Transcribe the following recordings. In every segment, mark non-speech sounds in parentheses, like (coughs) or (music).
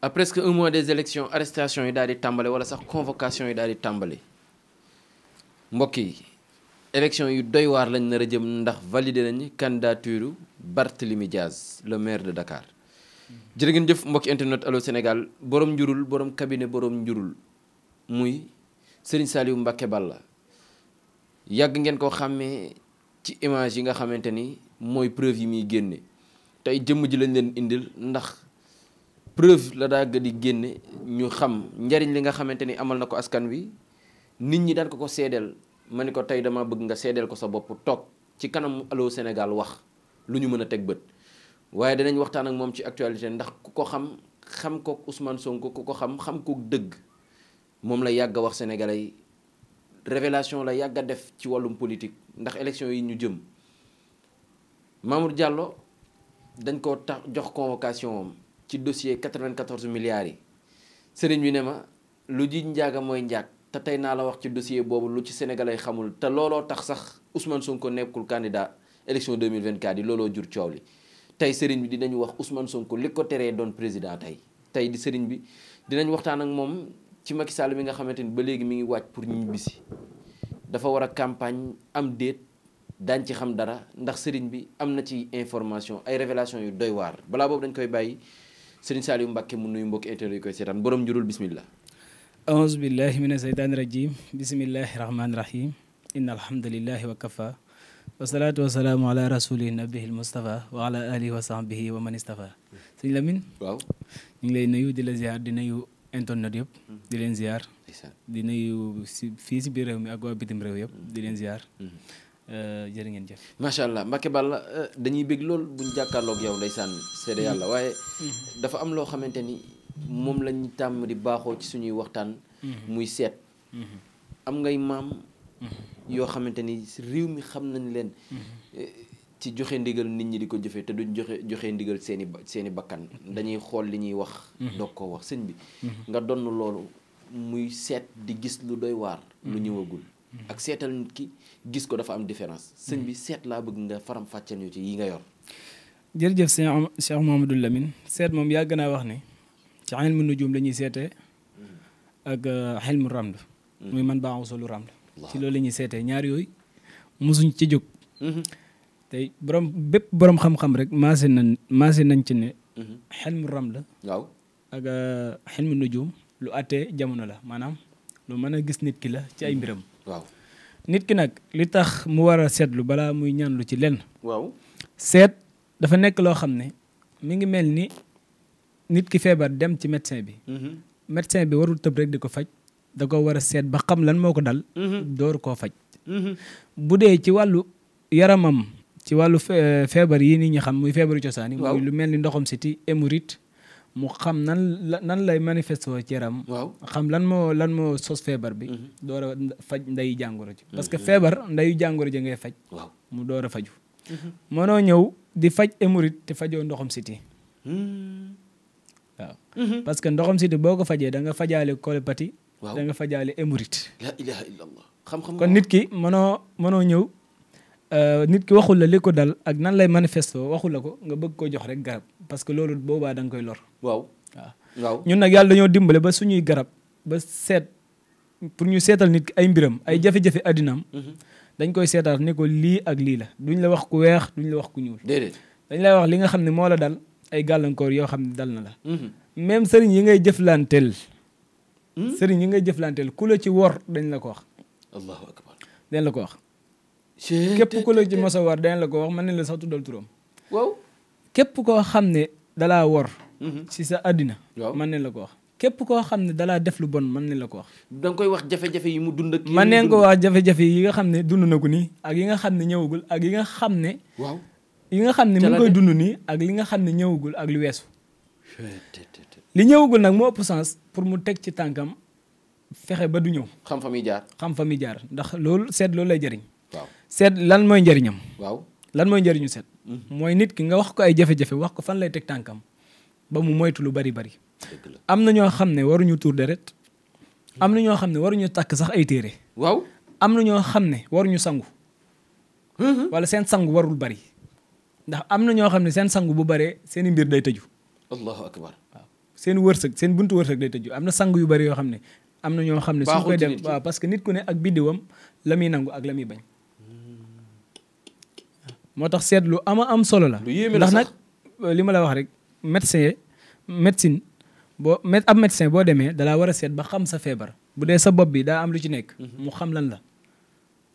à presque un mois des élections arrestation yi daal di tàmbale wala sax convocation yi daal di tàmbale mbokk yi élection yu doywaar waar lañ nar a jëm ndax valider nañ candidature Barthélemy Diaz le maire de Dakar jërë ngeen jëf mbokki internet Allô Sénégal borom njurul borom cabinet borom njurul muy Serigne Saliou Mbacké Balla yàgg ngeen ko xàmmee ci image yi nga xamante ni mooy preuve yi muy génne tey jëmm ji lañ leen indil ndax preuve la daa gën di génne ñu xam njariñ li nga xamante ni amal na ko askan wi nit ñi daan ko ko seedeel ma ni ko tey dama bëgg nga seedeel ko sa bopp toog ci kanam Allô Sénégal wax lu ñu mën a teg bët waaye danañ waxtaan ak moom ci actualité ndax ku ko xam xam ko Ousmane Sonko ku ko xam xam ko dëgg moom la yàgg a wax sénégalais yi révélation la yàgg a def ci wàllum politique ndax élection yi ñu jëm Mamour Diallo dañ ko tax jox convocation am ci dossier 94 milliards yi sëriñ bi ne ma lu ji njaaga mooy njaag te tey naa la wax ci dossier boobu lu ci ay xamul te looloo tax sax Ousmane Sonko nekkul candidat élection 2024 yi looloo jur coow li tey sëriñ bi dinañu wax Ousmane Sonko li ko doon président tey tey di sëriñ bi dinañ waxtaan ak moom ci Macky Sall mi nga xamante ni ba léegi mi ngi waaj pour ñibbisi dafa war a campagne am déet daañ ci xam dara ndax sëriñ bi am na ci information ay révélation yu doy waar balaa boobu dañ koy bàyyi Serigne Saliou Mbacke mu nuyu mbokk internet yi koy seetaan borom njurul bismillah aouzu billahi min asheytaani rajim bismillahi rahmaani rahim inna alhamdulillahi wa kafa wasalaatu wasalaamu ala rasuli nabihi almustafa wa ala alihi wa sahbihi wa man istafa sëñ Lamine waaw ñu ngi lay nuyu di la ziar di nuyu internet yëpp di leen ziar di nuyu si fii si biir réew mi ak waa bitim réew yëpp di leen ziar mm-hmm. Euh, jërë ngeen jëf. macha allah Mbacke Balla euh, dañuy bég lool buñ jàkkaarloog yow ndeysaan seede yàlla mm-hmm. waaye. Mm-hmm. dafa am loo xamante ni moom lañ tàmm di baaxoo ci suñuy waxtaan. Mm-hmm. muy seet. am ngay maam. yoo xamante ni réew mi xam nañ leen. Euh, ci joxe ndigal nit ñi di ko jëfee te duñ joxe joxe ndigal seeni seeni bakkan dañuy xool li ñuy wax. doog koo wax seen bi. nga donn loolu muy seet di gis lu doy waar. lu ñëwagul. Mm-hmm. ak seetal nit ki gis ko dafa am différence. sëñ bi mm-hmm. seet laa bëgg nga faram fàcceel ñu ci yi nga yor. jërëjëf sëñ Cheikh Mouhamadou Lamine seet moom yàgg naa wax ne ci ilmu nujum la ñuy seetee mm-hmm. ak euh, ilmu ramd. muy man baa usulu ramd. ci loolu lañuy ñuy seetee ñaar yooyu mosuñ ci jóg. tey borom bépp boroom xam-xam rek maase nañ maase nañ ci ne. xelmu ram la. waaw ak xelmu euh, nujum lu àttee jamono la maanaam lu mën a gis nit ki la ci ay mbiram. waaw nit ki nag li tax mu war a seetlu balaa muy lu ci lenn. waaw seet dafa nekk loo xam ne mu ngi mel ni nit ki feebar dem ci médecin bi. Mhm. médecin bi warul tëb rek di ko faj da ko war a seet ba xam lan moo ko dal. Mhm. door koo faj. Mhm. bu dee ci wàllu yaramam ci wàllu feebar yi nit ñi xam muy feebaru cosaan muy lu mel ni ndoxam siti émorite mu xam nan la nan lay manifesté ci yaram. waaw xam lan moo lan sos feebar bi. Mhm. door a faj ndeyu jàngoro ji. parce que mhm. feebar ndeyu jàngoro ji ngay faj. waaw mu door a faju. Mhm. mënoo ñëw di faj émorite te fajoo ndoxam siti hmm. waaw parce que ndoxam siti boo ko fajee da nga fajaale colopathie. da nga fajaale émorite. kon nit ki mënoo mënoo ñëw. Euh, nit ki waxul la li ko dal ak nan lay manifesto waxul la ko nga bëgg ko jox rek garab parce que loolu boobaa da ko koy lor. waaw waaw ñun nag yàlla dañoo dimbale ba suñuy garab ba seet pour ñu seetal nit ay mbiram ay mm-hmm. jafe-jafe addinaam. Mm-hmm. dañ koy seetaat ni lii ak lii la duñ la wax ku weex duñ la wax ku ñuul. déedéet dañ lay wax li nga xam ne moo la dal ay gàllankoor yoo xam ne dal na la. Mm-hmm. même sëriñ yi ngay jëflanteel. sëriñ yi ngay jëflanteel ku la ci wor dañ la ko wax. allahu la ko wax. képp ku la ci mos a war dañ la ko wax man ne la sax tuddal turam. waaw képp koo xam ne dalaa wor. si mhm. sa àddina. waaw man ne la ko wax. képp koo xam ne dalaa def lu bon man ne la ko wax. da nga koy wax jafe-jafe yi mu dund ak. man neen ko wax jafe-jafe yi nga xam ne dund na ko nii ak yi nga xam ne ñëwagul ak yi nga xam ne. waaw yi nga xam ne mu ngi dund nii ak li nga xam ne ñëwagul ak lu weesu. li ñëwagul nag moo ëpp sens pour mu teg ci tànkam fexe ba du ñëw. xam fa muy jaar xam jaar ndax loolu seet loolu lay jariñ seet lan mooy njariñam waaw lan mooy njëriñu seet. Mm-hmm. mooy nit ki nga wax ko ay jafe-jafe wax ko fan lay teg tànkam ba mu moytu lu bari bari. am na ñoo xam ne waruñu tuur deret mm-hmm. am na ñoo xam ne waruñu takk sax ay téere. waaw am na ñoo xam ne waruñu sangu. Mm-hmm. wala seen sangu warul bari. ndax am na ñoo xam ne seen bu baree seen i mbir day tëju. allahu akbar waaw seen wërsëg seen buntu wërsëg day tëju am na sangu yu bari yoo xam ne. am na ñoo xam ne su koy dem waaw parce que nit ku ne ak biddiwam la muy nangu ak la muy bañ. moo tax seet lu ama am solo la. ndax nag euh, li ma la wax rek médecin médecine boo mé ab médecin boo demee dalaa war a seet ba xam sa feebar bu dee sa bopp bi daa am lu ci nekk. Mhm. mu xam lan la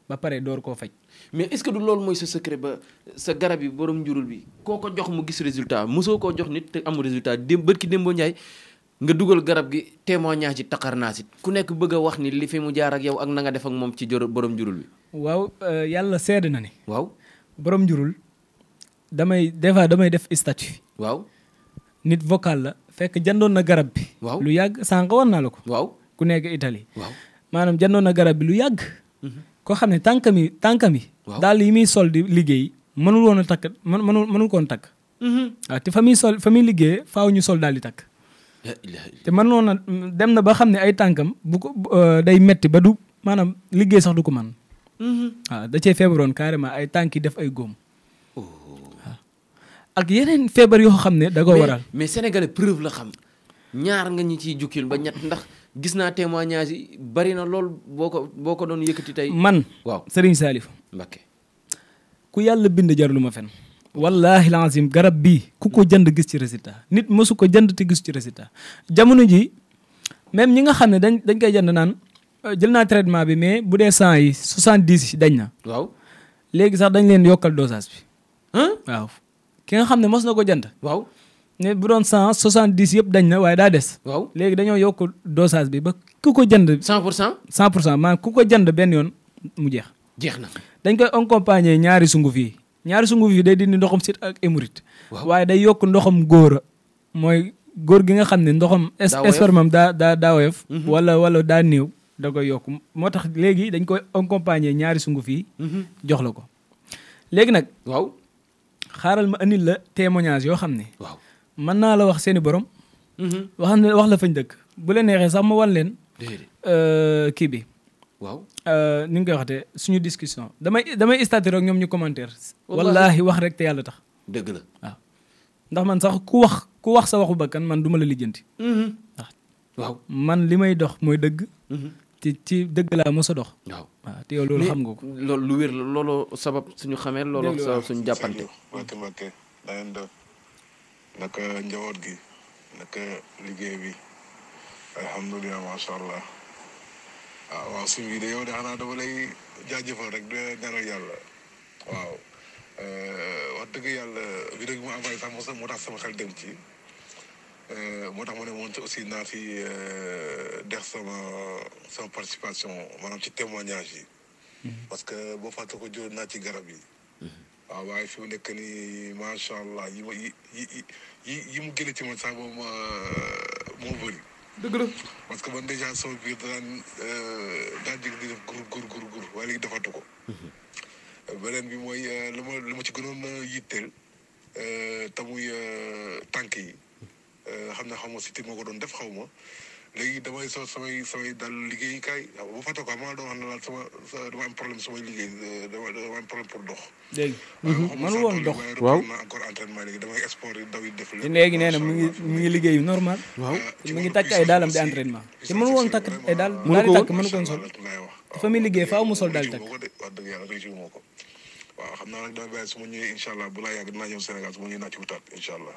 ba pare door koo faj. mais est-ce que du loolu mooy sa secret ba sa garab yi borom njurul bi koo ko jox mu gis résultat mosoo koo jox nit te amul résultat dém bët ki démboo Ndiaye nga dugal garab gi témoignage ci taqar naa si ku nekk bëgg a wax ni li fi mu jaar ak yow ak na nga def ak moom ci borom njurul bi. waaw euh, yàlla na ni waaw. borom njurul damay des fois damay def statut. waaw nit vocal la fekk jëndoon na garab bi. waaw lu yàgg sànq war naa la ko. waaw ku nekk itali maanaam jëndoon na garab bi lu yàgg. Mhm. koo xam ne tànk mi tànkam mi. waaw daal yi muy sol di liggéey mënul woon a takk mën mënul mënul koon takk. Mhm. waaw te fa muy sol fa muy liggéeye faaw ñu sol daal di takk. te mën noon dem na ba xam ne ay tànkam bu ko euh, day metti ba du maanaam liggéey sax du ko man waaw mm-hmm. ah, da cee feebaroon carrément ay tànki def ay góom. Oh. Ah. ak yeneen feebar yoo xam ne da waral. mais Sénégalais preuve la xam ñaar nga ñu ci jukkil ba ñett ndax gis naa témoignage yi bari na lool boo ko boo ko doon yëkkati tey. man waaw Serigne Salif. ku yàlla bind lu ma fen wallahi lazim garab bii ku ko jënd gis ci résultat nit mësu ko jënd te gis ci résultat jamono ji même ñi nga xam ne dañ dañ koy jënd naan. Euh, jël naa traitement bi mais bu dee cent yi soixante dix dañ na. waaw léegi sax dañ leen yokkal dosage bi. waaw ki nga xam ne mos na ko jënd. waaw ne bu doon cent soixante dix yëpp dañ na waaye daa des. waaw léegi dañoo yokk dosage bi ba ku ko jënd. cent pour cent. cent pour cent maanaam ku ko jënd benn yoon mu jeex. jeex na dañ koy accompagner ñaari sunguf yi ñaari sunguf yi day dindi ndoxam sit ak émorite. waaye day yokk ndoxam góor a mooy góor gi nga xam ne ndoxam. daa woyof daa daa daa mhm. wala wala daa néew. da koy yokk moo tax léegi dañ koy accompagner ñaari sunguf yi mhm. jox la ko léegi nag waaw xaaral ma andil la témoignage yoo xam ne waaw mën naa la wax seen i borom mhm. wax na wax la fañ dëkk bu la neexee sax ma wan leen euh, kii bi waaw euh, ni nga koy waxatee suñu discussion damay damay stature ñoom ñu commentaire wallahi wax rek te yàlla tax dëgg la waaw ndax man sax ku wax ku wax sa waxu bakkan man duma la lijjanti mhm. man li may dox mooy dëgg ci ci dëgg laa mos a dox. waaw te yow loolu xam nga ko. lu wér la looloo sabab suñu xamee looloo suñu jàppante. Mbacké Mbacké da ngeen def naka gi naka liggéey bi alhamdulilah macha allah waaw ah, waaw suñu vidéo yow xanaa dama lay jaajëfal rek di ñaanal yàlla waaw euh, wax dëgg yàlla vidéo bi mu envoyé sax moo tax sama xel dem ci. Euh, moo tax ma ne woon ci aussi naa si euh, def sama sama participation maanaam ci témoignage yi. Mm-hmm. parce que boo fàtte ko jël naa ci garab yi. waaw mm-hmm. ah, waaye fi mu nekk nii macha allah yi ma yi mu génne ci euh, moo bëri. dëgg la parce que man dèjà sama biir daan daan jëg di def gur gur gur gur waaye léegi defatu ko. Mm-hmm. beneen bi mooy lu ma lu ma ci gënoon yitteel te muy tànk yi. Euh, xam naa xaw ma Cité moo ko doon def xaw ma léegi damay so samay samay dal liggéeyukaay waaw bu fa toog quoi maa doon wax ne pour dox. dégg nga mhm. man woon dox waaw ma encore entraînement léegi damay sport yi daw yi mu ngi mu ngi liggéey normal. Euh, ngi takk ay daalam di entraînement. te mënu woon takk ay daal. mënu daal di takk mënu ko woon sol. muy liggéey faaw mu sol daal di takk. yàlla réussir moo waaw xam naa nag damay bàyyi su ñëwee incha allah bu laa yàgg dinaa ñëw Sénégal su ma ñëwee naa ci wutaat allah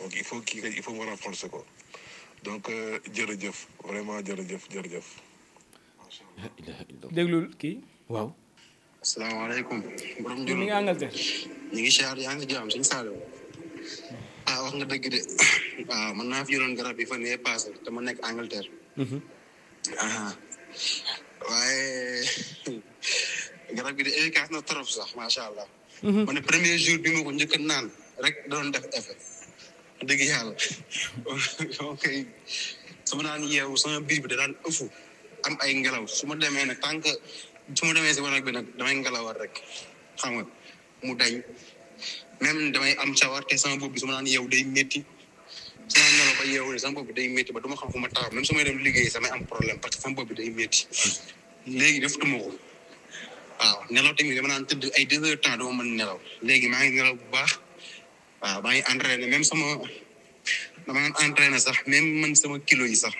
donc il faut kii il faut mu renforcer ko donc euh, jërëjëf vraiment jërëjëf jërëjëf. déglul kii waaw. asalaamaaleykum. borom ñu ngi Angleterre. yaa ngi jaam suñu Saalum. ah wax nga dëgg de waaw (coughs) ah, man naa fi yoroon garab yi fa yee passé te ma nekk Angleterre. Mhm. Ah, waaye (laughs) garab gi de efficace na trop sax macha allah. Mhm. ma ne premier jour bi ma njëkk naan rek doon def effet. dëgg yàlla ok sama naan yeewu sama biir bi da daan ëfu am ay ngelaw su ma demee nag tant que su ma demee si wanag bi nag damay ngelawal rek xam nga mu dañ même damay am sawar te sama bopp bi su ma daan yeewu day métti su ba yeewu ne bi day métti ba du xam fu ma taxaw même su may dem liggéey samay am problème parce que sama bopp bi day métti léegi daf tuma ko waaw nelaw tamit dama naan tëdd ay deux heures temps dama nelaw léegi maa nelaw bu baax waaw maa ngi entraîné même sama dama doon sax même man sama kilo yi sax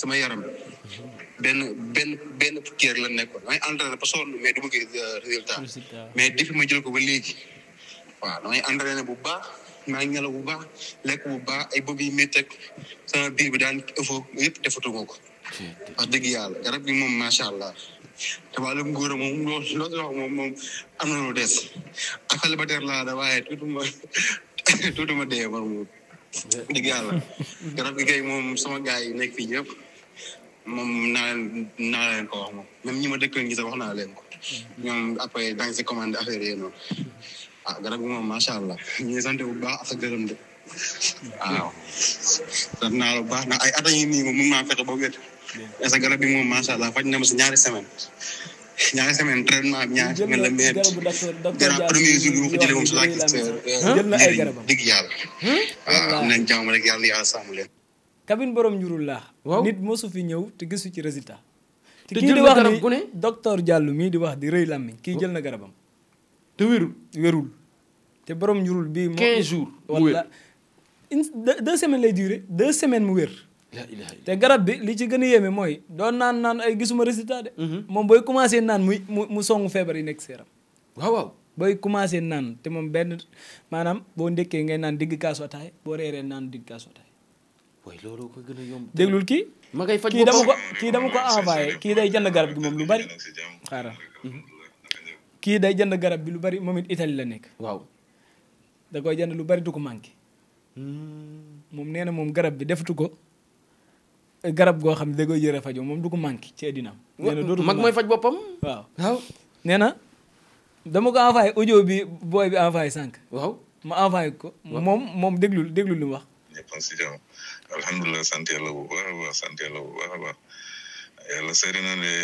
sama yaram benn benn benn kër la nekk maa ngi entraîné ba sonn mais du ma gis euh, résultat mais depuis ma jël ko ba léegi waaw damay entraîné bu baax maa ngi nelaw bu baax lekk bu baax ay bopp yi muy teg sama biir bi daan ëffoo yëpp defatuma ko wax dëgg yàlla garab bi moom macha allah te wàllum góor moom loo moom moom am na lu des ak célibataire laa da waaye tuutuma tuutuma dee man moom dëgg garab gi kay moom sama gars yi nekk fii yëpp moom naa leen naa leen ko wax moom même ñi ma dëkkal ngi sax wax naa leen ko ñoom après dang si commande affaire yi noonu ah garab gi moom macha allah ñu sant bu baax ak gërëm de waaw sant naa lu baax na ay at a ngi moom mën naa fexe parce que bi moom macha allah faj na ma si ñaari semaine ñaari semaine traitement bi ñaari semaine la mais garab premier jour bi euh, ay garabam dëgg yàlla. Hmm? waaw am nañ jàmm rek yàlla yàlla sàmm leen. cabine borom njurul laa. waaw nit mosu fi ñëw te gisu ci résultat. te kii di wax ni docteur Diallo mii di wax di rëy làmmiñ kii jël na garabam. te wérul te borom njurul bii. 15 jours mu wér wala une deux semaines lay durer deux semaines mu wér. te garab bi li ci gën a yéeme mooy doon naan naan ay gisuma résultat de. Mhm. moom booy commencé naan muy mu mu songu feebar yi nekk si yaram. waaw booy commencé naan te moom benn maanaam boo ndekkee ngay naan digg kaasu ataay boo reeree naan digg kaasu ataay. ko gën a yomb. déglul kii. ma faj kii dama ko kii dama ko envoyé kii day jënd garab gi moom lu bari. xaaral mhm. kii day jënd garab bi lu bari moom it la nekk. waaw koy jënd lu bari du ko manqué. Hmm. moom na moom garab bi defatu ko. garab goo xam ne da koy jëre moom du ko manqué ci àddinaam. nee na dootu mag mooy faj boppam. waaw waaw nee na dama ko envoyé audio bi booy bi envoyé sànq. waaw ma envoyé ko. moom moom déglu déglu li mu wax. ñëpp si jàmm alhamdulilah sant yàlla bu baax a baax sant yàlla bu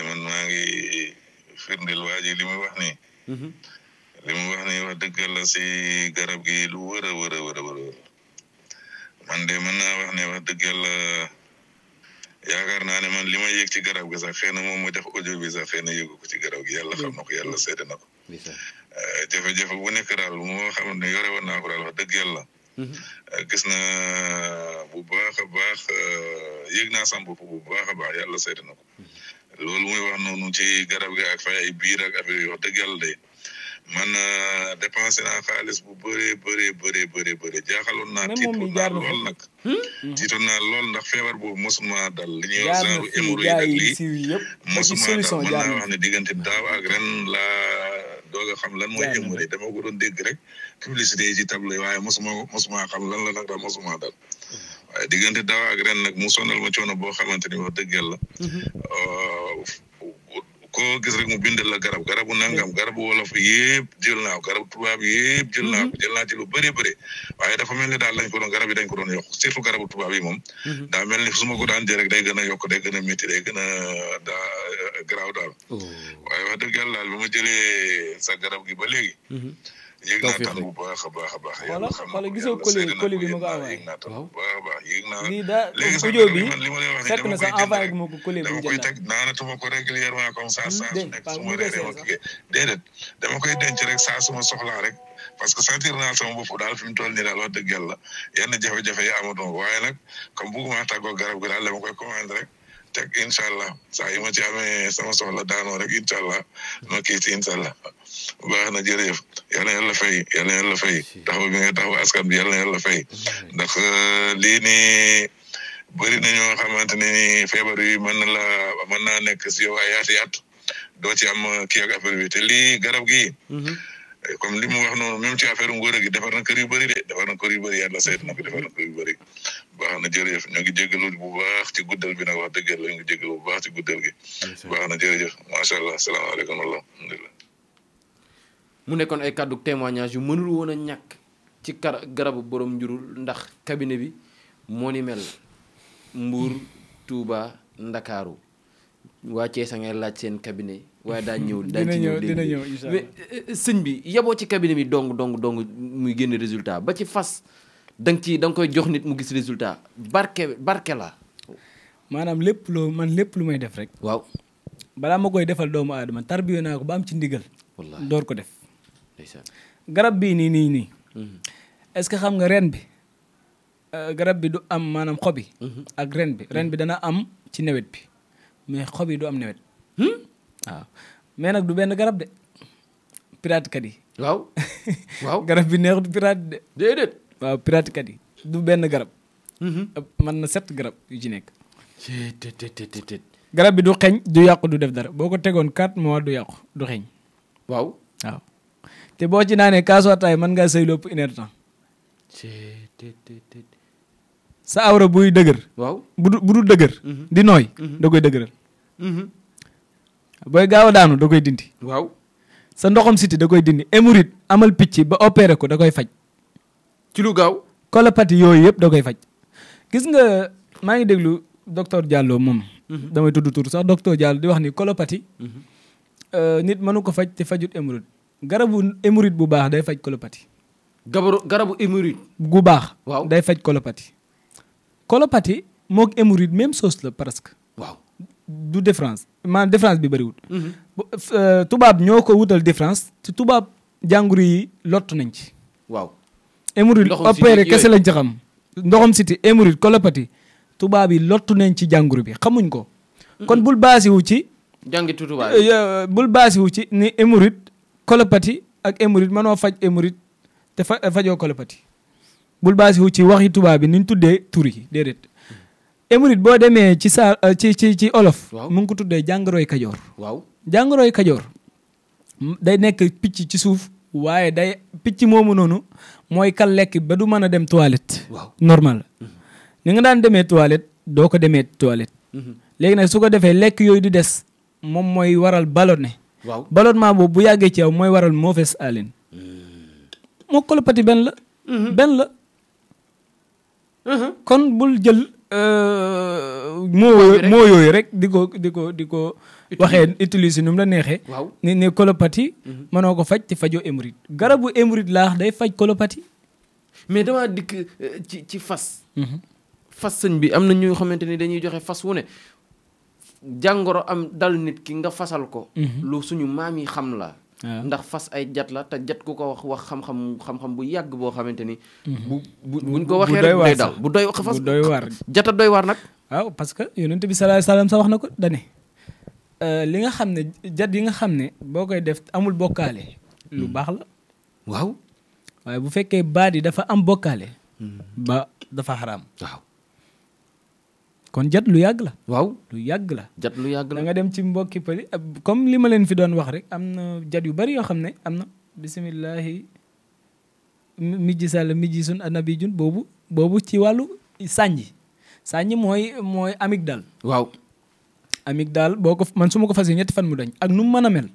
man maa ngi firndeel waa ji li muy wax nii. Mhm. li mu si garab gi lu wër a wër a wër man de mën naa wax ne wax dëgg yaakaar naa ne man li ma yëg ci garab gi sax xëy na moom mu def audio bi sax xëy ci garab gi yàlla xam na ko yàlla seede na ko euh, jafe bu nekk daal moo xam ne yore woon naa ko daal wax dëgg yàlla mhm. euh, gis na euh, bu baax a baax yëg naa sam bopp bu baax a baax yàlla seede na ko mhm. loolu muy wax noonu ci garab gi ak fay ay biir ak affaire yi wax dëgg de man euh, dépensé naa xaalis bu bëree bëree bëree bëree bëri jaaxaloon naa tiitoon naa lool nag hmm? Hmm? tiitoon naa lool ndax feebar boobu mosuma dal li ñuy wax genre ak lii mosuma dal mën naa wax ne diggante daaw ak ren laa doog xam lan mooy hémorroïde dama ko doon dégg rek publicité yi ci table yi waaye mosuma mosuma xam lan la nag daal mosuma dal waaye diggante daaw ak ren nag mu sonal ma coono boo xamante ni wax dëgg yàlla hmm. euh, koo gis rek mu bindal la garab garabu nangam garabu wolof yëpp jël naa ko garabu tubaab yëpp jël naa ko mhm. jël naa ci lu bëree bëri waaye ni daal lañ ko doon garab yi dañ ko doon yokk surtout garabu tubaab yi moom mhm. daa mel ni su ma ko daan jël rek day gën a yokk day gën a métti day gën a daa garaaw daal oh. waaye wax dëgg yàlla daal bi ma jëlee sa garab gi a léegi mhm. yéeg naa tan bu baax a baax a baax. yàlla xam nga yàlla naa tan bu baax a baax yéeg naa. lii daa audio bi fekk na sax envoyé gu ma ko collé bu njëkk teg naanatuma ko régulièrement comme ça hmm, saa su nekk su ma réeree ma kii dama koy denc rek saa su ma soxlaa rek parce que sentir naa sama bopp daal fi mu toll nii daal wax dëgg yàlla yenn jafe-jafe yi amatuma waaye nag comme bëgguma tàggoo garab gi daal dama koy commandé rek. teg incha allah saa yi ma ci amee sama soxla daanoo rek incha allah ma kii ci incha allah baax na jërëjëf yal na yàlla fay yal na yàlla fay taxaw bi nga askan bi yal na yàlla fay ndax euh, lii nii bëri na ñoo xamante ne nii feebar yi mën na la mën naa nekk si yow ay yaat yaatu doo ci am euh, kii ak affaire te lii garab gii. Mm-hmm. comme li mu wax noonu même ci affaire ngóor gi defar na kër yu bëri de defar na kër yu bëri yàlla sayt na ko defar na kër yu bëri na jërëjëf ñoo ngi jégalu bu baax ci guddal bi nag wax dëgg yàlla ñu ngi jégalu bu baax ci guddal gi. baax na jërëjëf macha allah salaamaaleykum wa rahmatulah. mu nekkoon ay kàddu témoignage yu mënul woona a ñàkk ci kar boroom borom njurul ndax cabinet bi moo ni mel Mbour Touba Ndakaaru waa sa a ngay laaj seen cabinet waaye daa ñëw daa ci ñëw dina ñëw mais euh, euh, sëñ bi yeboo ci cabinet bi dong dong dong muy génn résultat ba ci fas da nga ci koy jox nit mu gis résultat barke barke la maanaam lépp loo man lépp lu may def rek waaw balaa ma koy defal doomu aadama tarbiyo naa ko ba am ci ndigal door ko def garab bii nii nii nii. Mhm. est-ce que xam nga ren bi euh, garab bi du am maanaam xob mhm. ak ren bi ren mhm. bi dana am ci nawet bi mais xob yi du am nawet. Hmm? waaw mais nag du benn garab de pirate kat yi. waaw waaw (laughs) garab bi neexut pirate de. déedéet waaw pirate kat yi du benn garab. mën na set garab yu ci nekk. garab bi du xeeñ du yàqu du def dara boo ko tegoon 4 mois du yàqu du xeeñ. waaw. te boo ci naanee kaasu ataay mën ngaa sëy lépp une heure temps sa awra buy dëgër. bu du dëgër. Mhm. di nooy. Mhm. da koy dëgëral. Mhm. booy gaaw a daanu da koy dindi. waaw sa ndoxam siti da koy dindi hémorroïde amal picc ba opéré ko da koy faj. ci lu gaaw. colopathie yooyu yëpp da koy faj. gis nga maa ngi déglu docteur Diallo moom. damay tudd tur sax docteur Diallo di wax ni colopathie. Euh, nit mënu ko faj te fajut hémorroïde. garabu hémorroïde bu baax day faj colopathie. gabaru garabu hémorroïde. gu baax. waaw day faj kolopati colopathie mook hémorroïde même sauce la presque. waaw du différence maanaam différence bi bariwut mhm. euh, tubaab ñoo ko wutal différence te tubaab jànguru yi lott nañ ci. waaw. hémorroïde opéré kese lañ ci xam. ndoxam siti hémorroïde colopathie tubaab yi lottu nañ ci jàngoro bi xamuñ ko. Mhm. kon bul baasi wu ci. jàngitu euh, bul baasi wu ci ni hémorroïde kolopati ak émorite mënoo faj émorite te fa fajoo kolopati bul baasi wu ci waxi tubaab bi ni tuddee tur yi déedéet émorite boo demee ci saa euh, ci ci ci olof. mu ngi ko tuddee jàngoroy kajoor. waaw jàngoroy kajoor day nekk picc ci suuf waaye day picc moomu noonu mooy kal lekk ba du mën a dem toilette. waaw normal mhm. ni nga daan demee toilette doo ko demee toilette. Mhm. léegi nag su ko defee lekk yooyu di des moom mooy waral ballonné. waaw ballonnement boobu bu yàggee ci yow mooy waral mauvaise haleine. Hmm. moo colopathie benn la. Hmm. benn la. Hmm. kon bul jël. Euh, moo yooyu rek di ko di ko di ko. waxee utiliser nu la neexee. waaw ne ne colopathie. mënoo ko faj te fajoo hémorroïde. garabu hémorroïde laax day faj kolopati mais damaa dikk euh, ci ci fas. fas sëñ bi am na ñoo xamante ni dañuy joxe fas wu ne jàngoro am dal nit ki nga fasal ko. Mhm. lu suñu maam yi xam la. Ah. ndax fas ay jat la te jat ku ko wax wax xam-xam bu yàgg boo xamante ni. Mhm. bu bu buñ ko waxee rek day dal bu doy wax fas bu doy waar jata doy war nag. waaw parce que yonent bi sallallahu alayhi sa wax na ko dane euh, li nga xam ne jat yi nga xam ne boo koy def amul bokkaale. lu hmm. baax la. waaw. waaye bu fekkee baat yi dafa am bokkaale. Hmm. ba dafa xaraam kon jat lu yàgg la. waaw lu yàgg la. jat lu yàgg la nga dem ci mbokki pëli comme li ma leen fi doon wax rek am na jat yu bari yoo xam ne am na bisimilahi mijji sàll mijji sun anabi jun boobu boobu ci wàllu sànji sànji mooy mooy daal waaw daal boo ko man su ko fas ñetti fan mu dañ ak nu mu mën a mel.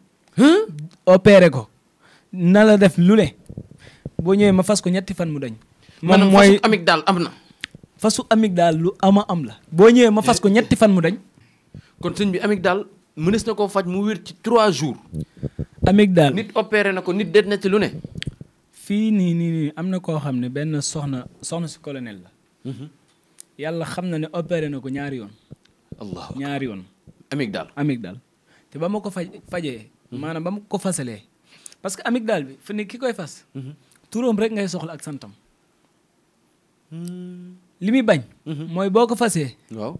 opéré ko na la def lu ne boo ñëwee ma fas ko ñetti fan mu dañ. moom mooy amygdale am na. fasu daal lu ama am la boo ñëwee ma fas ko ñetti fan mu dañ. kon sëñ bi daal mënees na koo faj mu wér ci trois jours. daal nit opéré na ko nit déet na ci lu ne. fii nii nii am na koo xam ne benn soxna soxna si colonel la. Mhm. yàlla xam na ne opéré na ko ñaari yoon. allah ñaari yoon. amygdale amygdale te ba ma ko faj fajee. Mhm. maanaam ba ma ko fasalee. parce que daal bi fi ne ki koy fas. Mhm. turam rek ngay soxla ak santam. Hmm. li muy bañ. Mhm. mooy boo ko fasee. waaw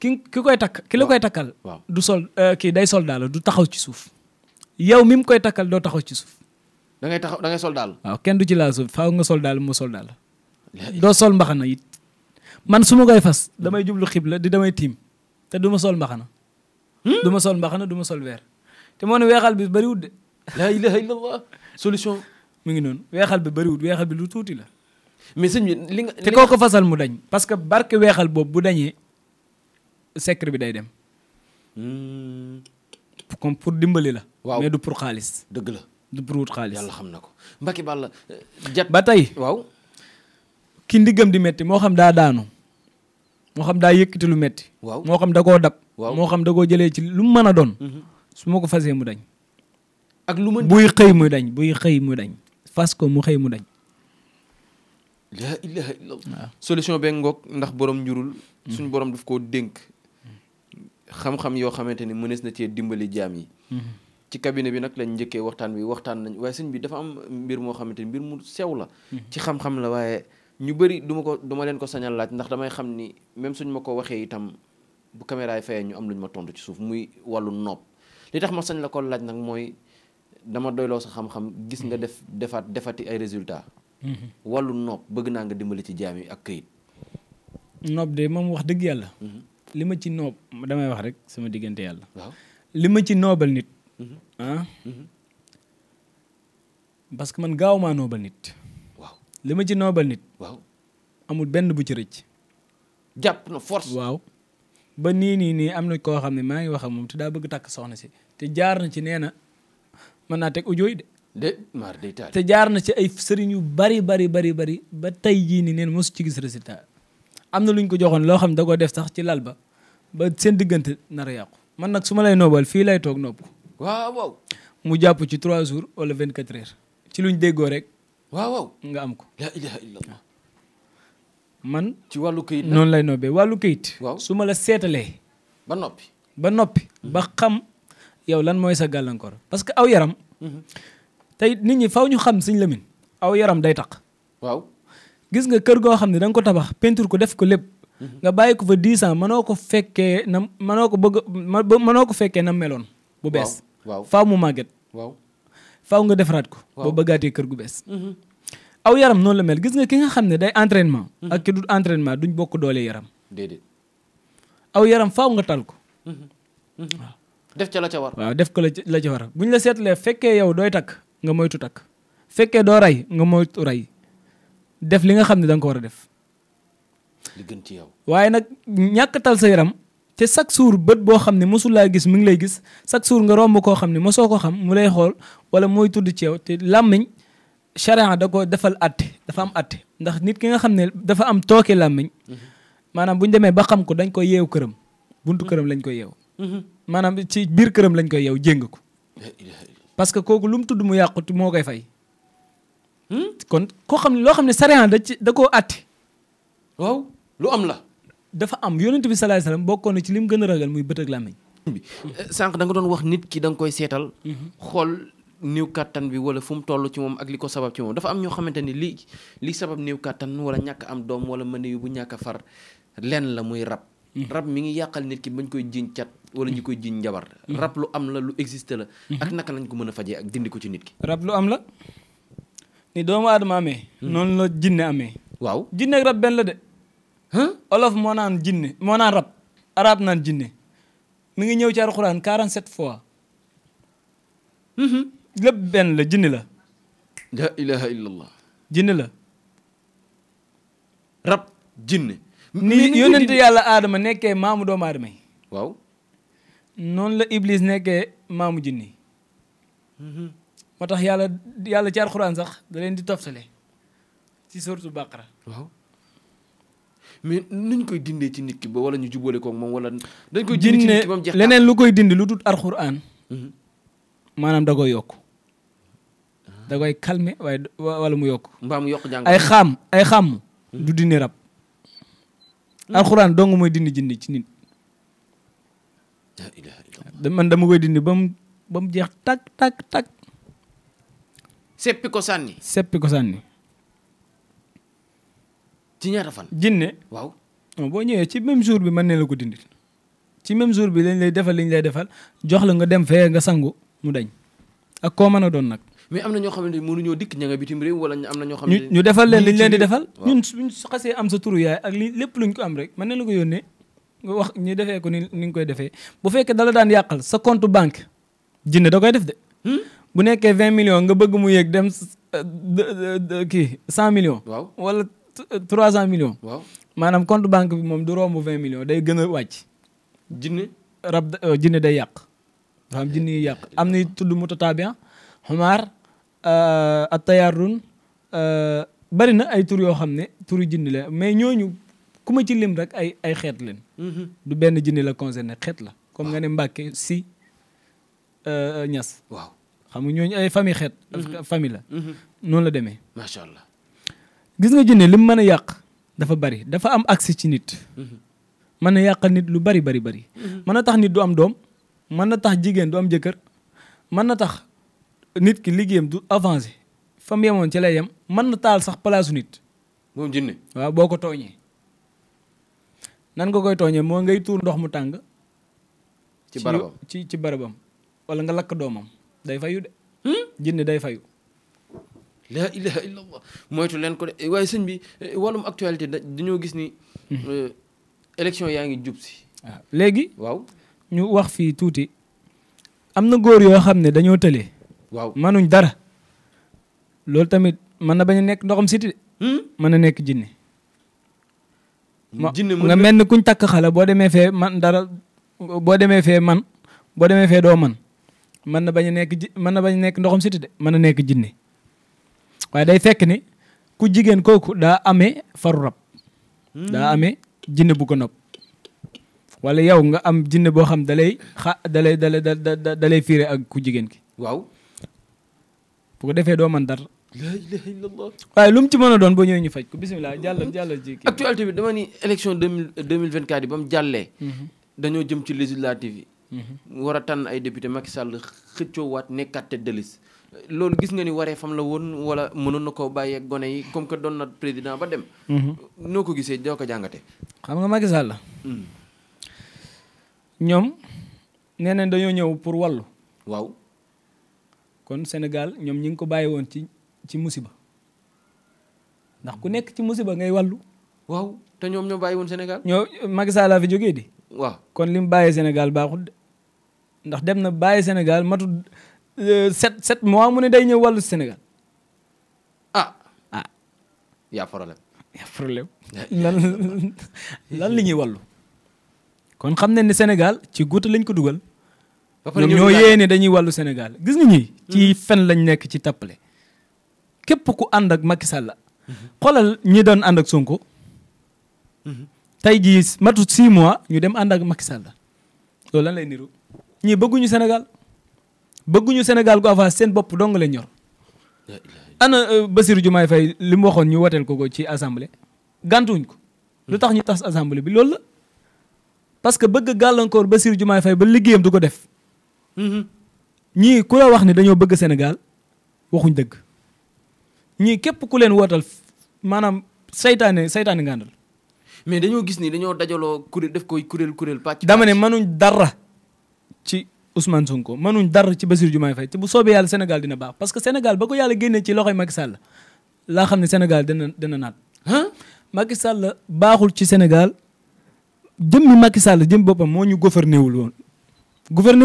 ki koy takk ki koy takkal. du sol euh, kii day sol daal du taxaw ci suuf. yow mi mu koy takkal doo taxaw ci suuf. da ngay taxaw da ngay sol daal. kenn du ci laa suuf faaw nga sol daal mu sol daal. doo sol mbaxana it man su ma koy fas damay jublu xibla di damay tiim te du ma sol mbaxana. Hmm? du sol mbaxana du ma sol weer. te moo ne weexal bi bëriwul de. la ilaha solution. (laughs) mu ngi noonu weexal bi bëriwul weexal bi lu tuuti la. mais sëñ li nga te koo ko fasal mu dañ parce que barke weexal boobu bu dañee secret bi day dem. Hmm. comme pour dimbali la. waaw du pour xaalis. dëgg la du pour wut xaalis. yàlla xam na ko Mbacke Balla euh, jat ba tey waaw. ki ndiggam di metti moo xam daa daanu. moo xam daa yëkkati lu metti waaw moo xam da koo dab. waaw moo xam da koo jëlee ci lu mu mën a doon. Mhm. su ma ko fasee mu dañ. ak lu mën buy xëy mu dañ buy xëy mu dañ. fas ko mu xëy mu dañ. solution bee ngoog ndax borom njurul suñu borom daf koo dénk xam-xam yoo xamante ni mënees na cee dimbali jaam yi mm-hmm. ci cabinet bi nag lañ njëkkee waxtaan bi waxtaan nañ waaye sëñ bi dafa am mbir moo xamante ni mbir mu sew la mm-hmm. ci xam-xam la waaye ñu bëri du ma ko du leen ko sañal laaj ndax damay xam ni même suñ ma ko waxee itam bu caméra yi ñu am luñ ma tontu ci suuf muy wallu nopp li tax ma sañ la ko laaj nag mooy dama doyloo sa xam-xam gis nga mm-hmm. def defaat defati ay résultats Mm-hmm. wallu noob bëgg naa nga dimbali ci jaam ak këyit. noob de moom wax dëgg yàlla. Mm-hmm. ma ci noob damay wax rek sama diggante yàlla. li ma ci noobal nit. Mm-hmm. ah. parce que man gaaw maa noobal nit. waaw li ma ci noobal nit. amul benn bu ci rëcc. jàpp na fors waaw. ba nii nii nii am na koo xam ne maa ngi wax ak moom te daa bëgg takk soxna si te jaar na ci nee na mën naa teg ujooy de. de maar te jaar na ci ay sëriñ yu bari bari bari bari ba tey jii ni neen mosu ci gis résultat am na lu ñu ko joxoon loo xam da koo def sax ci lal ba ba seen diggante nar a man nag su ma lay noobal fii lay toog nopp waaw mu jàpp ci trois jours wala 24 heures ci lu ñu déggoo rek waaw nga am ko la man ci wàllu këyit noonu lay noobee wàllu këyit waaw su ma la seetalee ba noppi ba noppi ba xam yow lan mooy sa gàllankoor parce aw yaram mhm. tey nit ñi faw ñu xam sëñ Lamine aw yaram day taq waaw gis nga kër goo xam ne danga ko tabax peinture ko def ko lépp mhm. nga bàyyi ko fa 10 ans mënoo ko fekkee na mënoo ko bëgg mënoo ko fekkee na meloon bu bees faw mu màgget waaw faaw nga defaraat ko boo bëggaatee kër gu bees mhm. aw yaram noonu la mel gis nga ki nga xam ne day entraînement mhm. ak ki du entraînement duñ bokk doolee yaram déedéet aw yaram faw nga tal ko waaw def ca la ca war waaw def ko la la ca war buñ la seetlee fekkee yow dooy takk nga moytu takk fekkee doo rey nga moytu rey def li nga xam ne da nga ko war a def. li ci yow. waaye nag ñàkk sa yaram te chaque jour bët boo xam ne mosul laa gis mu ngi lay gis chaque jour nga romb koo xam ne mosoo ko xam mu lay xool wala mooy tudd ci te làmmiñ charia da ko defal atte dafa am atte ndax nit ki nga xam ne dafa am tooke làmmiñ mhm. maanaam bu ñu demee ba xam ko dañ koy yeew këram buntu mhm. këram lañ koy yeew. Mhm. maanaam ci biir këram lañ koy yeew jéng ko. parce que kooku lu mu tudd mu yàquti moo koy fay. Hmm? kon koo xam ne loo xam ne sariyaan da ci da koo àtte. waaw lu am la. dafa am yonent bi salaay salaam bokkoon na ci li mu gën a ragal muy bët ak làmmiñ. sànq da nga doon wax nit ki da nga koy seetal. Mhm. xool néew kàttan bi wala fu mu toll ci moom ak li ko sabab ci moom dafa am ñoo xamante ni li li sabab néew kàttan wala ñàkk am doom wala ma yu bu ñàkk a far lenn la muy rab. rab mi ngi yàqal nit ki bañ koy jiñ cat wala ñu koy jiñ njabar rab lu am la lu existe la ak naka lañ ko mën a fajee ak dindi ko ci nit ki rab lu am la ni doomu aadama amee hmm. noonu la jinne amee waaw jinne ak rab benn la olof moo naan jinne rab arab naan jinne mi ngi ñëw ci alxuraan fois mm-hmm. benn la jinne la la ilaha jinne la rab jinne ni yonent yàlla aadama nekkee maamu doomu aadama noonu la iblis nekkee maamu jinni mhm. moo tax yàlla yàlla ci alxuraan sax daleen di toftale ci sortu bàqara waaw mais nuñ koy dindee ci nit ki ba wala ñu jubóole koog moom wala dañ koy dindi ci nit mu jeex leneen lu koy dindi lu tut alxuraan mhm. maanaam da koy yokk da koy calmer waaye wala mu yokk mbaa yokk jàng ay xaam ay xaam du dindi rab alxuraan dong mooy dindi jindi ci nit. man dama koy dindi ba mu ba mu jeex tak takk tak. seppi ko sànni. seppi ko sànni. ci ñaata fan. jinne waaw. boo ñëwee ci même jour bi mën ne la ko dindil ci même jour bi lañ lay defal liñ lay defal jox la nga dem fee nga sangu mu dañ ak koo mën a doon nag. mais am na ñoo xam ne mënuñoo dikk ña nga bitim réew wala am xam ne ñu defal leen liñ leen di defal ñun suñ xasee am sa turu yaay ak li lu luñ ko am rek mën na la ko yónnee nga wax ñu defee ko ni ni nga koy defee bu fekkee dala daan yàqal sa compte banque jinne da koy def de hmm? bu nekkee vingt millions nga bëgg mu yéeg dem euh, kii cent millions waaw wala trois cent million waaw maanaam compte banque bi moom du romb vingt millions day gën a wàcc jinne rab euh, jinne day yàq xam jinne yi yàq am na tudd mu tataabian xumaar a euh, ak tayaarun euh, bari na ay tur yoo xam ne turu jinni la mais ñooñu ku ma ci lim rek ay ay xeet leen. Mm-hmm. du benn jinni la concerné xeet la. comme nga ne Mbàkke si euh, Ñas. waaw nga ñooñu ay famille xeet. Mm-hmm. famille la. Mm-hmm. noonu la deme macha allah gis nga jinne lim mën a yàq dafa bari dafa am accès ci nit. mën a yàqal nit lu bari bari bari. mën na tax nit du am doom. mën na tax jigéen du am jëkkër. mën na tax nit ki liggéeyam du avancé fam mu yemoon ci lay yem mën na taal sax palaasu nit. moom jinne waaw boo ko tooñee. nan nga koy tooñee moo ngay tuur ndox mu tàng. ci barabam ci ci barabam. wala nga lakk doomam day fayu de. Hmm? jinne day fayu. la ilaha moytu leen ko de eh, waaye sëñ bi eh, wàllum actualité dañoo gis ni. Hmm. Eh, élection yaa ngi jub si. waaw ah, léegi. waaw ñu wax fii tuuti. am na góor yoo xam ne dañoo tële waaw manuñ dara. loolu tamit mën na bañ a nekk ndoxam siti de. Hmm? mën na nekk jinne jinne nga mel ni kuñ takk xale boo demee fee man dara boo demee fee man boo demee fee doo man mën na bañ a nekk ji mën na bañ a nekk ndoxam siti de mën na nekk jinne waaye day fekk ni ku jigéen kooku daa amee faru rab. Hmm? daa amee jinne bu ko nopp. wala yow nga am jinne boo xam dalay xa dalay dalay dalay fiire ak ku jigéen ki waaw. bu ko defee doo man dara. waaye lu mu ci mën a doon ba ñëwee ñu faj ko bisimilah jàll jàll ji. actualité bi dama ni élection deux mille deux mille vingt quatre yi ba mu jàllee. Mhm. dañoo jëm ci législative yi. Mhm. war a tànn ay député Macky Sall xëccoowaat nekkaat tête de loolu gis nga ni waree fam la woon wala mënoon na koo bàyyi ak gone yi comme que doon na président ba dem. Mhm. noo ko gisee doo ko jàngate xam nga Macky Sall. Mm. ñoom nee dañoo ñëw pour wàllu. waaw. kon Sénégal ñoom ñi ngi ko bàyyi woon ci ci musiba ndax ku nekk ci musiba ngay wàllu. waaw te ñoom ñoo bàyyi woon senegal ñoo Macky Sall a fi di. waaw kon li mu bàyyi Sénégal baaxul de ndax dem na bàyyi Sénégal matul euh, sept sept mois mu ne day ñëw wallu Sénégal. ah ah. yaa problème. lan li (laughs) ñuy wàllu. kon xam ne ni Sénégal ci guuta lañ ko dugal. ñoom ñoo yéene dañuy wàllu senegal gis nga ñi ci mm-hmm. fen lañu nekk ci tappale képp ku ànd ak Macky Sall la mm-hmm. xoolal ñi doon ànd ak Sonko mm-hmm. tey jii matut 6 mois ñu dem ànd ak Macky Sall la loolu lan lay niru ñii bëgguñu senegal bëgguñu Sénégal gu avance seen bopp dong la ñor ana euh, Bassirou Diomaye fay li mu waxoon ñu woteel ko ko ci assemblée gàntuwuñ ko lu tax ñu tas assemblée bi loolu la parce que bëgg gàllankoor Bassirou Diomaye fay ba liggéeyam du ko def ñii ku la wax ne dañoo bëgg senegal waxuñ dëgg ñii képp ku leen wootal maanaam saytaane saytaane nga mais dañoo gis ni dañoo dajaloo kuréel def koy kuréel kuréel pàcc dama ne manuñ dara ci Ousmane Sonko manuñ dara ci Bassirou Diomaye Faye te bu soobee yàlla senegal dina baax parce que Sénégal ba ko yàlla génnee ci loxoy Macky Sall laa xam ne senegal dina dina naat Macky Sall baaxul ci senegal Sénégal jëmmi Macky Sall jëm boppam moo ñu gouverné wul woon gouverné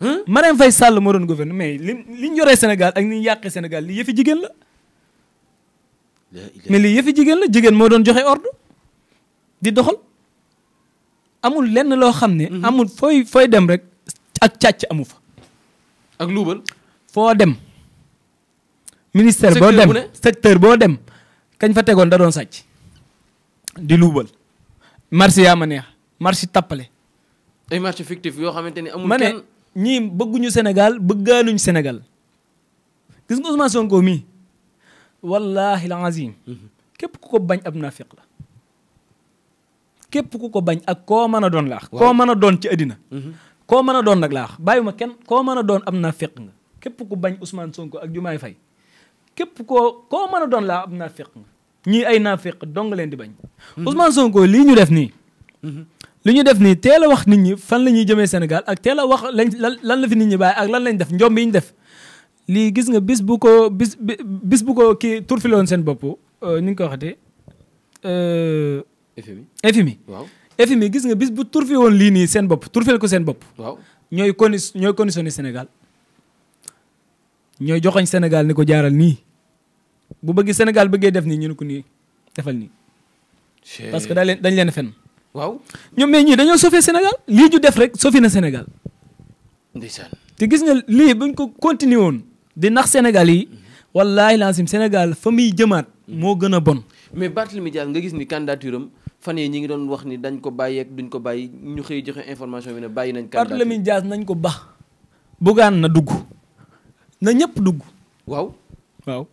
Hmm? Marème Faye Sall moo doon gouverne mais li li ñu yoree Sénégal ak ni ñu yàqee Sénégal li yëfi jigéen la mais lii yëfi jigéen la jigéen moo doon joxe ordre di doxal amul lenn loo xam ne hmm. amul fooy fooy dem rek ak càcc amu fa ak luubal foo dem ministère boo dem secteur boo dem kañ fa tegoon da doon sàcc di luubal marché yaa ma neex marché tappale ay marché yoo xamante ni amul ñii bëgguñu Sénégal bëggaanuñ senegal gis nga Ousmane Sonko mii wallaahi al azim mhm. képp ku ko bañ ab naafiq la képp ku ko bañ ak koo mën a doon laax koo mën a doon ci àddina mhm. koo mën a doon nag laax ma kenn koo mën a doon am naafiq nga képp ku bañ usmaan Sonko ak Jumaay Fay képp ko koo mën a doon laax ab naafiq nga ñii ay naafiq dong leen di bañ mhm. Ousmane Sonko lii ñu def nii li ñu def nii teel a wax nit ñi fan la ñuy jëmee senegal ak teel a wax lañ lan la fi nit ñi bàyyi ak lan lañ def njomb yi ñu def lii gis nga bis bu ko bis bis bu ko kii turfiloon seen bopp euh, ni nga ko waxatee. Euh, FMI FMI. waaw FMI gis nga bis bu turfi woon lii nii seen bopp turfil ko seen bopp. waaw ñooy coni ñooy conditionné Sénégal ñooy joxoñ Sénégal ni ko jaaral nii bu bëgg Sénégal bëggee def ni ñu ne ko nii defal nii. parce que dañ dañ leen fen waaw ñoom mais ñii dañoo sauvé Sénégal lii ñu def rek sauvé na Sénégal. ndeysaan te gis nga lii buñ ko continué woon di nax senegal yi. wallaahi laasim Sénégal fa muy jëmaat moo gën a bon. mais Barthélemy Dias nga gis ni candidature fan yii ñi ngi doon wax ni dañ ko bàyyi ak ko bàyyi ñu xëy joxe information bi ne bàyyi nañ. candidature Barthélemy Dias nañ ko bax bugaan na dugg na ñëpp dugg. waaw waaw.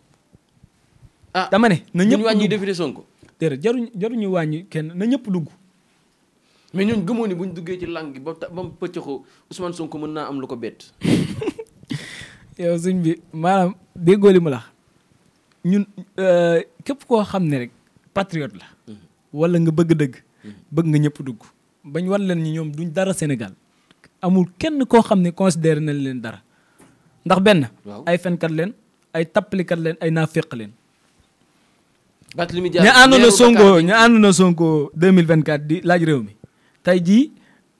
ah dama ne na ñëpp dugg ñu wàññi député Sonko. déedéet jaruñu jaruñu wàññi kenn na ñëpp dugg. mais ñooñ gëmoo ni buñ duggee ci làng gi ba ba mu pëccëxoo Ousmane Sonko mën naa am lu ko bett. (laughs) yow suñ bi maanaam déggoo li mu la ñun euh, képp koo xam ne rek patriote la. Mm-hmm. wala nga bëgg dëgg. Mm-hmm. bëgg nga ñëpp dugg. bañ wan leen ñi ñoom duñ dara Sénégal amul kenn koo xam ne considéré nañ leen dara ndax benn. ay fenkat leen ay tappalikat leen ay naaféq leen. bat li muy jaar ña àndoon na Sonko ña mille na Sonko 2024 di laaj réew mi. tey jii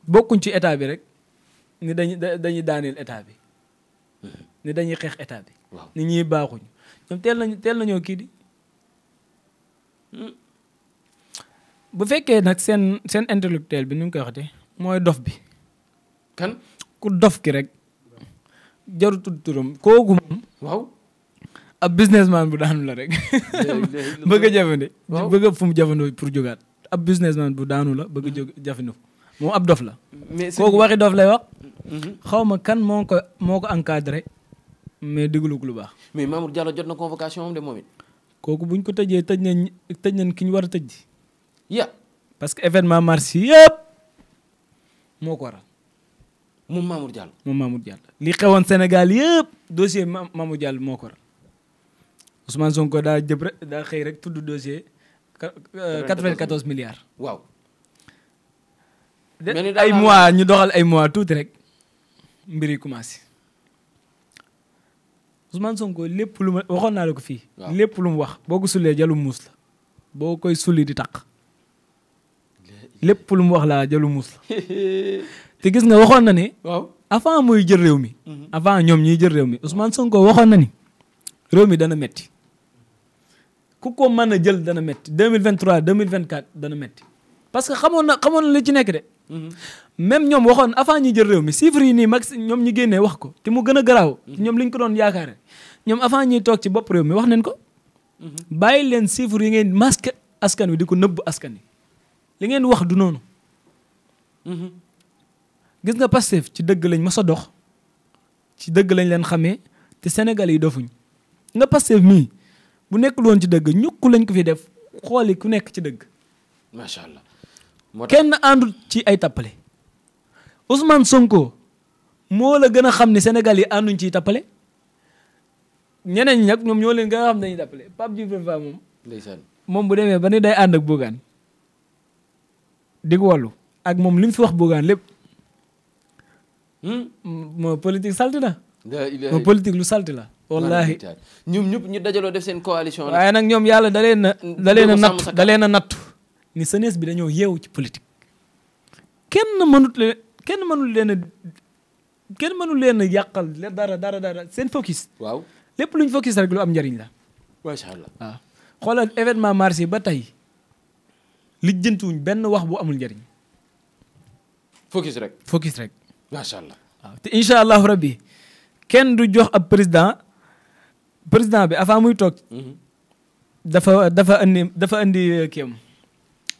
bokkuñ ci état bi rek ni dañuy dañuy daaneel état bi mm-hmm. ni dañuy xeex état bi. ni ñuy baaxuñ ñoom teel nañu teel nañoo kii di. Mm. bu fekkee nag seen seen intellectuel bi nu ñu koy waxatee mooy dof bi. kan ku dof ki rek jaru tudd turam kooku moom. waaw. ab businessman bu daanu la rek. (laughs) bëgg a jafande bëgg a fu mu jafandoo pour jógaat. ab businessman bu daanu la bëgg jóg mm-hmm. jafinu moom ab dof la. mais kooku waxi dof lay wax. Mm-hmm. xaw ma kan moo ko moo ko encadré mais diglu ko lu baax. mais Mamour Diallo jot na convocation moom de moom it. kooku buñ ko tëjee tëj nañ tëj nañ ki ñu war a tëj. ya parce que événement mars yi yëpp moo ko waral. moom Mamour Diallo moom Mamour Diallo li xewoon Sénégal yëpp dossier Mamour jàll moo ko waral Ousmane Sonko daa jëb rek daa xëy rek tudd dossier. 94 milliards. waaw. ay mois ñu doxal ay mois tuuti rek mbir yi commencé Ousmane Sonko lépp lu ma waxoon naa ko fii. lépp lu mu wax boo ko sulee jalu muus la boo koy sulli di taq lépp lu mu wax laa jalu muus la (laughs) te gis nga waxoon na ne. waaw jël réew mi. Mhm. avant ñoom ñuy jël réew mi Ousmane Sonko waxoon na ni réew mi dana metti ku ko mën a jël dana métti 2023 2024 dana métti parce que xamoon na xamoon na li ci nekk de. Mhm. même ñoom waxoon avant ñi jël réew mi chiffres yi nii mag ñoom ñi génnee wax ko te mu gën a garaaw. Mhm. ñoom li ñu ko doon yaakaare ñoom avant ñuy toog ci bopp réew mi wax ko. Mhm. bàyyi leen chiffres yi ngeen masque askan wi di ko nëbb askan wi li ngeen wax du noonu. gis nga Pastef ci dëgg lañ mës a dox ci dëgg lañ leen xamee te Sénégal yi dofuñ nga Pastef mii. bu nekk woon ci dëgg ñukku lañ ko fi def xooli ku nekk ci dëgg. macha allah. kenn àndul ci ay tappale Ousmane Sonko moo la gën a xam ne Sénégal yi ànduñ ciy tappale ñeneen ñi nag ñoom ñoo leen gën a xam dañuy tappale Pape Djibril Fall moom. ndeysaan moom bu demee ba ni day ànd ak Bougane di ko wàllu ak moom li mu fi wax Bougane lépp. Hmm? moo politique salti na. non politique lu salti la wallahi ñoom ñëpp ñu dajaloo def seen coalition waaye nag ñoom yàlla da leen a da leen a natt da leen a ni jeunesse bi dañoo yeewu ci politique kenn mënut leen kenn mënul leen a kenn mënul leen a yàqal dara dara dara seen focus waaw lépp luñ focus rek lu am njariñ la macha allah waaw xoolal événement marché ba tey lijjantiwuñ benn wax bu amul njëriñ focus rek focus rek macha allahu rabbi kenn du jox ab président président bi avant muy toog. Mhm. dafa dafa indi dafa indi euh, kéem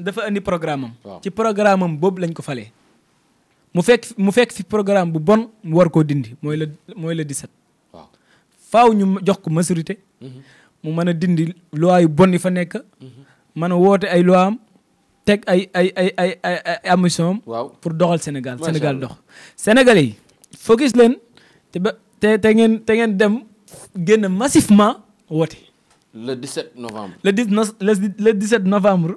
dafa indi programme am. waaw ci programme am boobu lañ ko falee. mu fekk mu fekk fi programme bu bon mu war koo dindi mooy la mooy la 17. waaw faaw ñu jox ko majorité. Mhm. mu mën a dindi loi yu bon yi fa nekk. Mhm. mën a woote ay loi am teg ay ay ay ay ay ambition am. waaw pour doxal Sénégal Sénégal dox. Sénégalais yi focus leen te ba. te te ngeen te ngeen dem génn massivement woote. le 17 novembre. le 19 le 17 novembre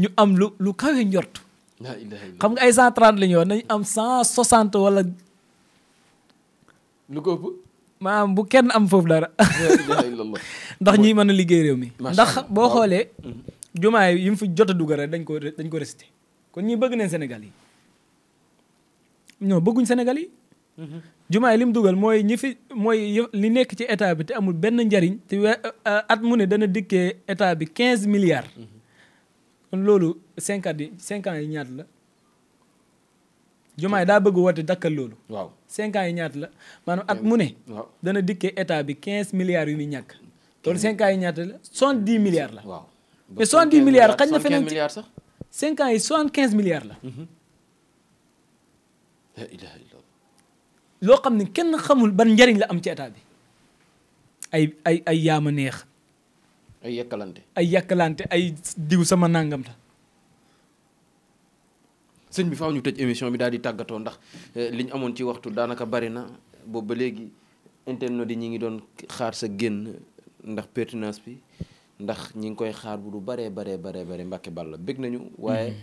ñu am lu lu kawe njort. xam nga ay 130 la ñu wax nañu am cent 160 wala. lu ko ëpp. maanaam bu kenn am foofu dara. (laughs) ndax ñi mën a liggéey réew mi. ndax boo xoolee. Mhm. jumaa yi mu fi jot a dugg rek dañ ko dañ ko resté kon ñi bëgg neen senegal yi. ñoo bëgguñ senegal yi. Mhm. jumaa yi li mu dugal mooy ñi fi mooy li nekk ci état bi te amul benn njariñ te at mu ne dana dikkee état bi quinze milliards mm-hmm. loolu cinq ans yi ñaat la jumaa daa bëgg woote dakkal loolu waaw cinq yi ñaata la maanaam at mm-hmm. mu ne dana dikkee état bi quinze milliards yu muy ñàkk loolu cinq yi ñaat la soixante dix milliards la waaw mais soixante dix milliards xañ na feneen sax cinquant ans yi soixante quinze milliards la mm-hmm. loo xam ne kenn xamul ban njariñ la am ci état bi ay ay ay yaama neex. ay yàkkalante ay yàkkalante ay diw sama nangam la. sëñ bi faaw ñu tëj émission bi daal di tàggatoo ndax eh, liñ amoon ci waxtu daanaka bari na boobu ba léegi internet yi ñi ngi doon xaar sa génn ndax pertinence bi ndax ñi ngi koy xaar bu du baree baree baree bare Mbàkke Balla bég nañu waaye. Mm.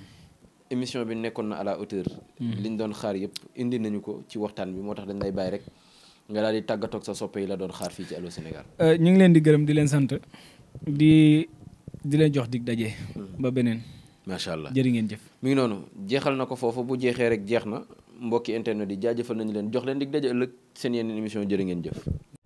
émission bi nekkoon na à la hauteur. Mm. liñ doon xaar yëpp indi nañu ko ci waxtaan bi moo tax dañ lay bàyyi rek nga daal di tàggatoog sa soppe yi la doon xaar fii ci Allô Sénégal. Euh, ñu ngi leen di gërëm di leen sant di di leen jox dig daje. Mm. ba beneen. macha allah jërë ngeen jëf. mu ngi noonu jeexal na ko foofu bu jeexee rek jeex na mbokki internet yi jaajëfal nañu leen jox leen dig daje ëllëg seen yeneen émission jëri ngeen jëf.